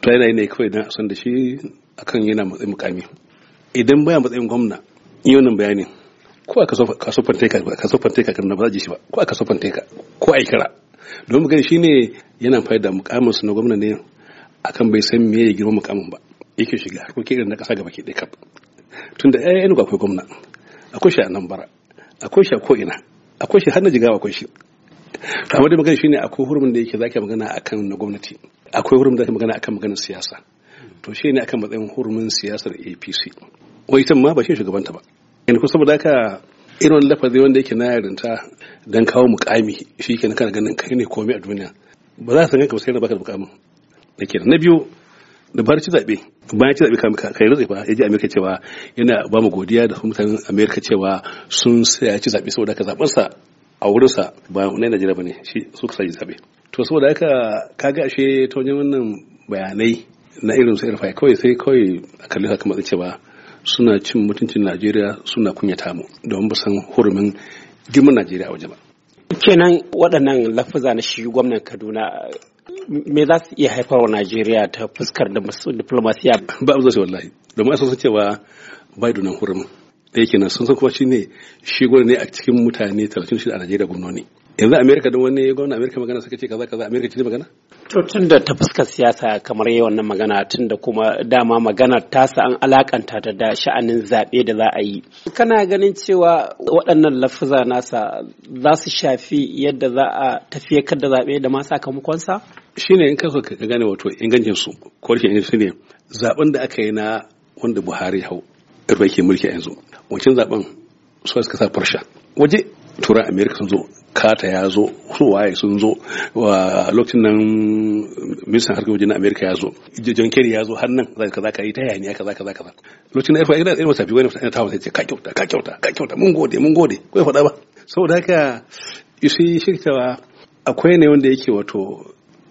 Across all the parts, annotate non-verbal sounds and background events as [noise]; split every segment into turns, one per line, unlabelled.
to yana ne kawai na a san da shi akan yana matsayin mukami idan baya matsayin gwamna yi wannan bayanin ko a kaso fanteka kaso fanteka kan ba za ji shi ba ko a kaso ka ko a kara don gani shine yana faida mukamin su na gwamna ne akan bai san me ya girma mukamin ba yake shiga ke irin na kasa gaba ke ɗaya tunda ai ai akwai gwamna akwai shi a nan bara akwai shi a ko ina akwai shi har na jigawa akwai shi kuma da magana shine akwai hurumin da yake zaki magana akan na gwamnati akwai hurumin da zaki magana akan maganar siyasa to shi ne akan matsayin hurumin siyasar APC wai ita ma ba shi shugabanta ba in kusa saboda haka irin wani lafazi wanda yake na yarinta dan kawo mukami shi ke kana ganin kai ne komai a duniya ba za su ganka ba sai na baka da mukamin da ke na biyu da bar ci zaɓe bayan ci zaɓe kai rutsi ba ya ji amerika cewa yana ba mu godiya da mutanen amerika cewa sun saya ci zaɓe saboda ka zaɓensa a wurinsa ba na Najeriya ba ne shi su suka sa zabe to saboda haka kaga ashe ta wajen wannan bayanai na irin su irfai kawai sai kawai a kalli haka matsa cewa suna cin mutuncin Najeriya
suna kunyata mu domin ba san hurumin girman Najeriya a waje ba kenan waɗannan lafaza na shi gwamnan Kaduna me za su iya haifarwa Najeriya ta fuskar da diplomasiya ba su wallahi domin a san cewa bai dunan hurumin
da yake nan sun san kuma ne shi gwani ne a cikin mutane 36 a Najeriya gwamnoni yanzu Amerika don wani
ya gwamna Amerika magana suka ce kaza kaza Amerika ce magana to tun da ta fuskar siyasa kamar yi wannan magana tun da kuma dama magana ta an alakanta ta da sha'anin zaɓe da za a yi kana ganin cewa waɗannan lafuza nasa za su shafi yadda za a tafiye da zaɓe da ma sakamakonsa shine in kasa ka gane wato ingancinsu
ko rashin ne zaɓen da aka yi na wanda Buhari hau irba ke mulki a yanzu wancan zaben su suka sa farsha waje turai Amerika sun zo kata ya zo su waye sun zo wa lokacin nan ministan harkar na Amerika ya zo john Keri ya zo har nan za ka zaka yi ta yaya kaza kaza kaza lokacin nan irin irin wasa biyu wani fata ta ce ka kyauta ka kyauta ka kyauta mun gode mun gode kai faɗa ba saboda haka shi shirkawa akwai ne wanda yake wato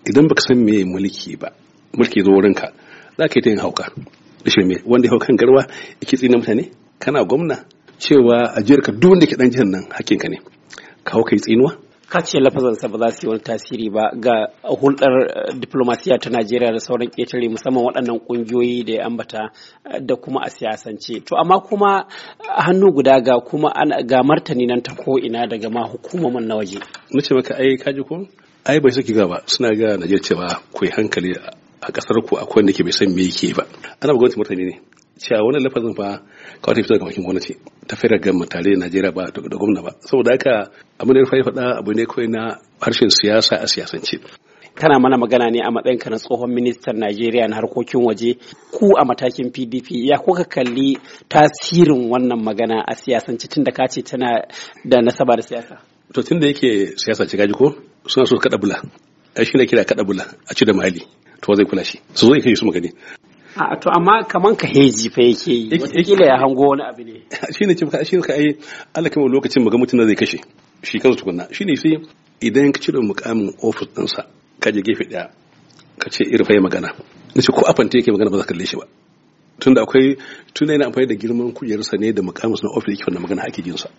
idan baka san me mulki ba mulki zo wurinka za ka yi ta yin hauka rashin mai wanda ya hau kan garwa yake tsina mutane kana gwamna cewa a jiyar ka duk wanda ke dan jihar nan hakinka ne ka hau kai tsinuwa
ka ce sa ba za su yi wani tasiri ba ga hulɗar eh, diplomasiya ta najeriya da sauran ƙetare musamman waɗannan ƙungiyoyi da ya ambata eh, da kuma a siyasance to amma kuma hannu guda ga kuma ga martani nan ta ko ina daga ma hukumomin na waje na ce maka ai kaji ko
ai bai saki gaba suna ga najeriya cewa ku hankali a kasar ku akwai wanda ke bai san me yake ba ana gwamnati martani ne cewa wani lafazin fa kawai ta fito daga bakin gwamnati ta fara gama tare da Najeriya ba da gwamna ba saboda haka abin da ya faɗa abu ne kawai na harshen siyasa a siyasance
kana mana magana ne a matsayinka na tsohon ministan Najeriya na harkokin waje ku a matakin PDP ya kuka kalli tasirin wannan magana a siyasance tun da kace tana da nasaba da siyasa
to tun da yake siyasa ce gaji ko suna so kada bula ai shi ne kira kada bula a ci da mali to zai kula shi su zai kai su magani
a to amma kaman ka
heji fa yake
yi kila ya hango wani abu ne
[laughs] shi ne cimka shi ka ai Allah kamar lokacin muga mutum zai kashe shi kansa tukunna shi ne sai idan ka cire mukamin ofis ɗinsa ka je gefe ɗaya ka ce irin fa magana na ce ko afanta yake magana ba za ka kalle shi ba tunda akwai tunda yana amfani da girman kujerarsa ne da mukamus na ofis yake wannan magana ake jinsa